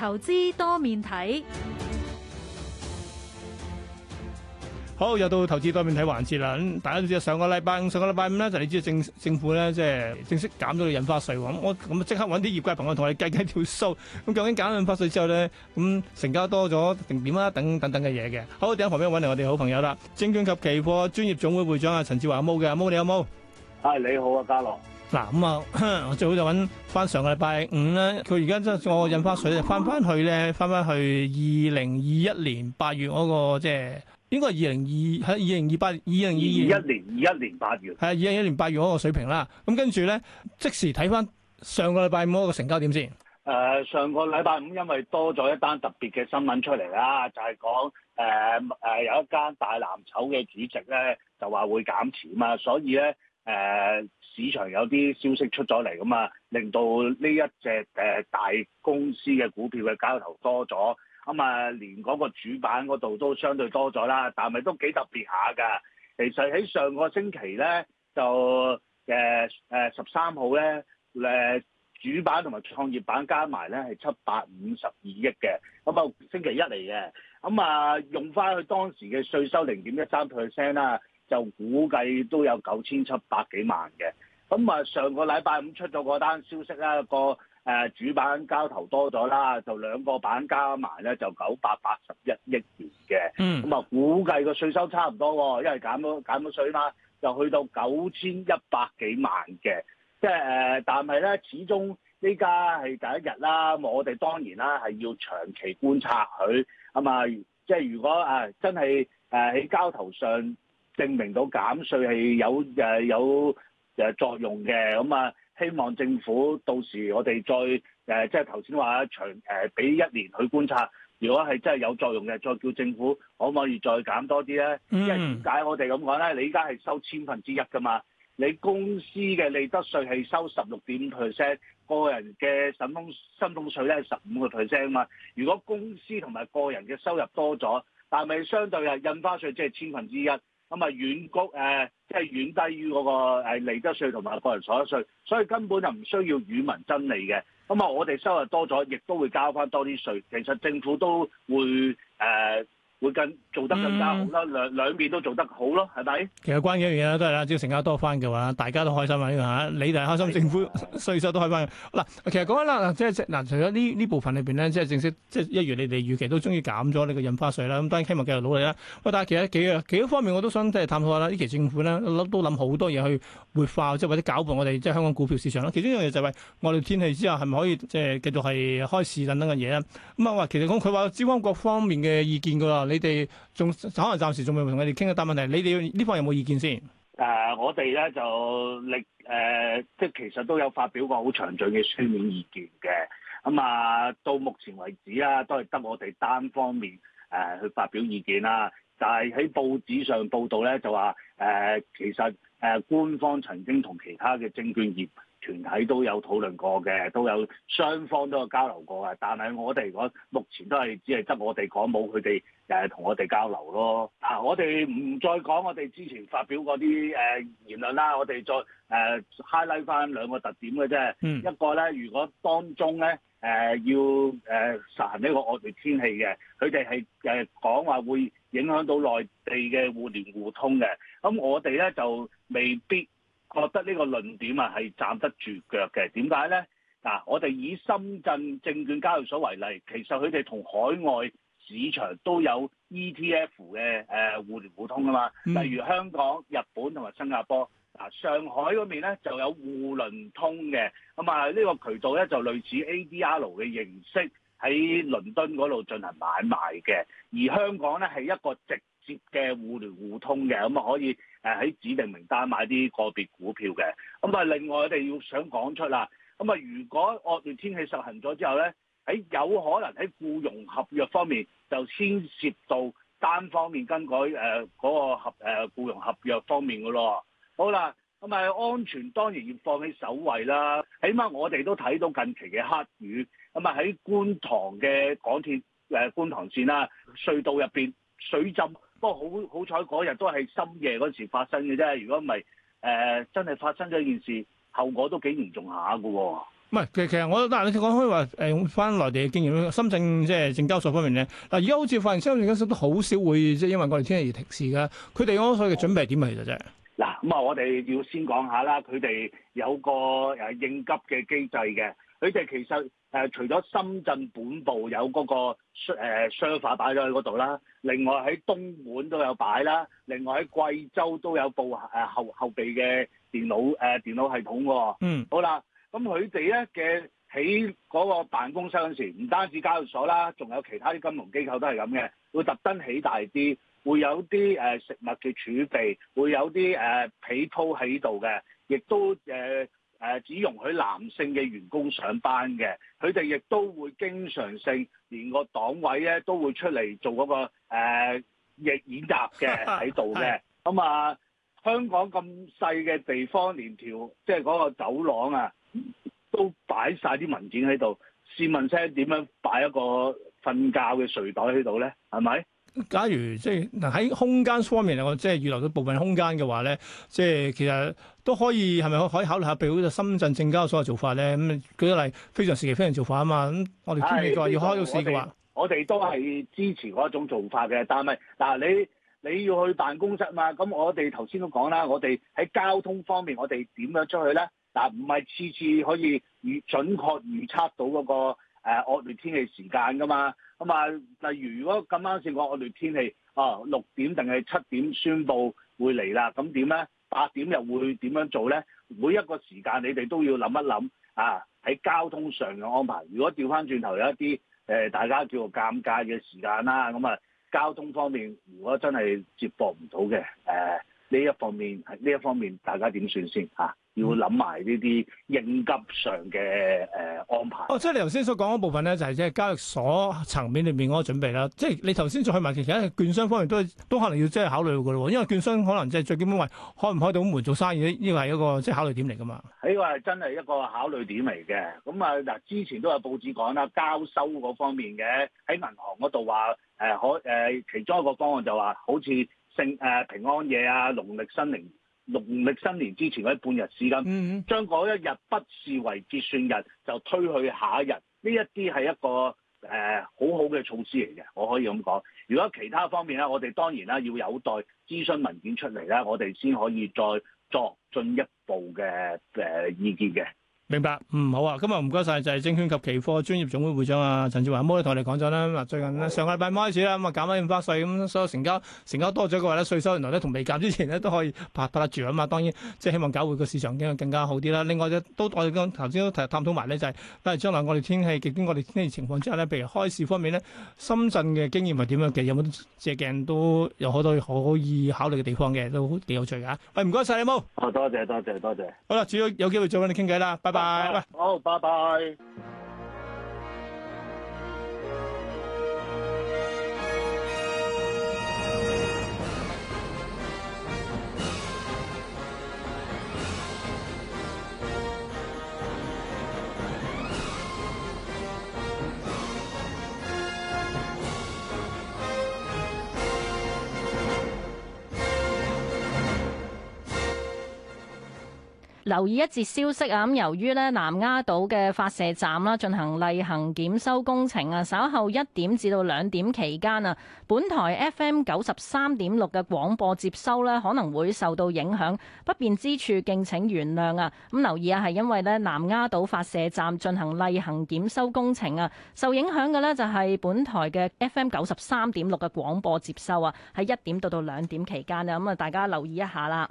投資多面睇，好，又到投資多面睇環節啦。咁大家都知道上，上個禮拜五，上個禮拜五咧就你知道政政府咧即係正式減咗印花稅喎。咁我咁即刻揾啲業界朋友同我哋計計條數。咁究竟減咗印花稅之後咧，咁成交多咗定點啊？等等等嘅嘢嘅。好，我哋喺旁邊揾嚟我哋好朋友啦，證券及期貨專業總會會長阿陳志華阿毛嘅阿毛，你有冇？嗨，有有有有 Hi, 你好啊，家樂。嗱咁啊，我最好就揾翻上個禮拜五咧。佢而家即我印花水，翻翻去咧，翻翻去二零、那個、二零二一年八月嗰個即係，應該係二零二喺二零二八、二零二二。二一年二一年八月。係啊，二零二一年八月嗰個水平啦。咁、啊、跟住咧，即時睇翻上個禮拜五嗰個成交點先。誒、呃，上個禮拜五因為多咗一單特別嘅新聞出嚟啦，就係、是、講誒誒、呃呃、有一間大藍籌嘅主席咧，就話會減錢啊，所以咧。誒市場有啲消息出咗嚟咁啊，令到呢一隻誒大公司嘅股票嘅交投多咗，咁啊，連嗰個主板嗰度都相對多咗啦。但係都幾特別下㗎。其實喺上個星期咧，就誒誒十三號咧，誒主板同埋創業板加埋咧係七百五十二億嘅。咁啊，星期一嚟嘅，咁啊用翻佢當時嘅稅收零點一三 percent 啦。就估計都有九千七百幾萬嘅，咁啊上個禮拜五出咗個單消息啦，個誒主板交投多咗啦，就兩個板加埋咧就九百八十一億元嘅，咁啊、嗯、估計個稅收差唔多，因為減咗減咗稅啦，就去到九千一百幾萬嘅，即係誒，但係咧始終呢家係第一日啦，我哋當然啦係要長期觀察佢，咁啊即係如果啊真係誒喺交投上。證明到減稅係有誒、啊、有誒作用嘅，咁啊希望政府到時我哋再誒、啊、即係頭先話長誒俾、啊、一年去觀察，如果係真係有作用嘅，再叫政府可唔可以再減多啲咧？Mm hmm. 因為點解我哋咁講咧？你依家係收千分之一㗎嘛？你公司嘅利得稅係收十六點五 percent，個人嘅薪俸薪俸稅咧係十五個 percent 嘛？如果公司同埋個人嘅收入多咗，但係相對嘅印花稅即係千分之一。咁啊，遠高誒，即係遠低於嗰個利得稅同埋個人所得稅，所以根本就唔需要與民爭利嘅。咁啊，我哋收入多咗，亦都會交返多啲稅。其實政府都會誒。呃會更做得更加好啦、嗯，兩兩邊都做得好咯，係咪？其實關鍵一樣嘢啦，都係啦，只要成交多翻嘅話，大家都開心啊呢、呢個嚇，你哋開心，的政府稅收的都開翻。好其實講緊啦，即係嗱，除咗呢呢部分裏邊咧，即、就、係、是、正式即係、就是、一如你哋預期都終於減咗呢個印花稅啦。咁當然希望繼續努力啦。喂，但係其，其他幾啊幾方面我，我都想即係探討下啦。呢期政府咧，都諗好多嘢去活化，即係或者攪拌我哋即係香港股票市場咯。其中一樣嘢就係、是、我哋天氣之後係咪可以即係、就是、繼續係開市等等嘅嘢咧？咁啊話，其實講佢話，資方各方面嘅意見㗎。你哋仲可能暫時仲未同佢哋傾啊，但問題你哋呢方有冇意見先？誒，我哋咧就力誒，即係其實都有發表過好詳盡嘅書面意見嘅。咁啊，到目前為止啊，都係得我哋單方面誒去發表意見啦。但係喺報紙上報道咧，就話誒、呃，其實誒、呃、官方曾經同其他嘅證券業團體都有討論過嘅，都有雙方都有交流過嘅。但係我哋講目前都係只係得我哋講，冇佢哋誒同我哋交流咯。啊，我哋唔再講我哋之前發表嗰啲誒言論啦，我哋再誒、呃、highlight 翻兩個特點嘅啫。嗯、一個咧，如果當中咧誒、呃、要誒實行呢個惡劣天氣嘅，佢哋係誒講話會，影響到內地嘅互聯互通嘅，咁我哋咧就未必覺得呢個論點啊係站得住腳嘅。點解咧？嗱，我哋以深圳證券交易所為例，其實佢哋同海外市場都有 ETF 嘅誒互聯互通啊嘛。例如香港、日本同埋新加坡，上海嗰邊咧就有互聯通嘅，咁啊呢個渠道咧就類似 ADR 嘅形式。喺倫敦嗰度進行買賣嘅，而香港咧係一個直接嘅互聯互通嘅，咁啊可以誒喺指定名單買啲個別股票嘅。咁啊，另外我哋要想講出啦，咁啊，如果惡劣天氣實行咗之後咧，喺有可能喺僱傭合約方面就牽涉到單方面更改誒嗰個合誒僱傭合約方面嘅咯。好啦。咁啊，安全當然要放喺首位啦。起碼我哋都睇到近期嘅黑雨，咁啊喺觀塘嘅港鐵誒、呃、觀塘線啦，隧道入邊水浸。不過好好彩嗰日都係深夜嗰時發生嘅啫。如果唔係誒，真係發生咗件事，後果都幾嚴重下㗎、哦。唔係，其實其實我嗱，你講開話誒，翻內地嘅經驗，深圳即係證交所方面咧，嗱而家好似發現深圳證交所都好少會即係因為過嚟天氣而停市㗎。佢哋嗰個所謂嘅準備係點嚟嘅啫？嗯。咁啊，我哋要先講下啦，佢哋有個誒應急嘅機制嘅。佢哋其實、啊、除咗深圳本部有嗰個誒 server 擺咗喺嗰度啦，另外喺東莞都有擺啦，另外喺貴州都有部誒、啊、後後備嘅電腦誒、啊、電腦系統喎。嗯。好啦，咁佢哋咧嘅起嗰個辦公室嗰陣時，唔單止交易所啦，仲有其他啲金融機構都係咁嘅，會特登起大啲。會有啲誒食物嘅儲備，會有啲誒被鋪喺度嘅，亦都誒誒、呃、只容許男性嘅員工上班嘅，佢哋亦都會經常性連個黨委咧都會出嚟做嗰、那個誒演、呃、演習嘅喺度嘅。咁啊， 香港咁細嘅地方，連條即係嗰個走廊啊，都擺晒啲文件喺度。試問聲點樣擺一個瞓覺嘅睡袋喺度咧？係咪？假如即係喺空間方面，我即係預留咗部分空間嘅話咧，即係其實都可以係咪可以考慮下，譬如深圳證交所嘅做法咧？咁舉例，非常時期，非常做法啊嘛。咁我哋天氣再要開到市嘅話，是我哋都係支持嗰一種做法嘅。但係嗱，你你要去辦公室嘛？咁我哋頭先都講啦，我哋喺交通方面，我哋點樣出去咧？嗱，唔係次次可以預準確預測到嗰個誒惡劣天氣時間噶嘛？咁啊、嗯，例如如果咁啱先講我哋天氣啊，六點定係七點宣布會嚟啦，咁點咧？八點又會點樣做咧？每一個時間你哋都要諗一諗啊，喺交通上嘅安排。如果調翻轉頭，有一啲誒、呃、大家叫做尷尬嘅時間啦，咁啊、嗯、交通方面如果真係接駁唔到嘅誒。啊呢一方面係呢一方面，方面大家點算先啊，要諗埋呢啲應急上嘅誒安排。哦、呃嗯啊，即係你頭先所講嗰部分咧，就係即係交易所層面裏面嗰個準備啦。即係你頭先再問，其實券商方面都都可能要即係考慮㗎咯。因為券商可能即係最基本話，開唔開到門做生意呢，依個係一個即係考慮點嚟㗎嘛。呢個係真係一個考慮點嚟嘅。咁啊嗱，之前都有報紙講啦，交收嗰方面嘅喺銀行嗰度話誒可其中一個方案就話好似。誒平安夜啊，農曆新年、農曆新年之前嗰啲半日時間，將嗰一日不視為結算日，就推去下一日，呢一啲係一個誒、呃、好好嘅措施嚟嘅，我可以咁講。如果其他方面咧，我哋當然啦，要有待諮詢文件出嚟咧，我哋先可以再作進一步嘅誒、呃、意見嘅。明白，嗯好啊，今日唔該晒，就係證券及期貨專業總會會長啊，陳志華阿 Mo，你同我哋講咗啦，最近咧的上個禮拜開始啦，咁啊減翻印花稅，咁所有成交成交多咗嘅話咧，稅收原來咧同未減之前咧都可以拍拍得住啊嘛。當然即係、就是、希望搞會個市場更加好啲啦。另外咧都我哋都頭先都探討埋咧，就係嗱，將來我哋天氣極端，我哋天氣情況之下咧，譬如開市方面咧，深圳嘅經驗係點樣嘅？有冇借鏡都有好多可以考慮嘅地方嘅，都幾有趣噶、啊。喂、哎，唔該晒。啊 m 多謝多謝多謝。多謝多謝好啦、啊，主要有機會再同你傾偈啦，拜拜。好，拜拜。留意一節消息啊！咁由於呢南丫島嘅發射站啦進行例行檢修工程啊，稍後一點至到兩點期間啊，本台 FM 九十三點六嘅廣播接收呢可能會受到影響，不便之處敬請原諒啊！咁留意啊，係因為呢南丫島發射站進行例行檢修工程啊，受影響嘅呢就係本台嘅 FM 九十三點六嘅廣播接收啊，喺一點到到兩點期間啊，咁啊大家留意一下啦。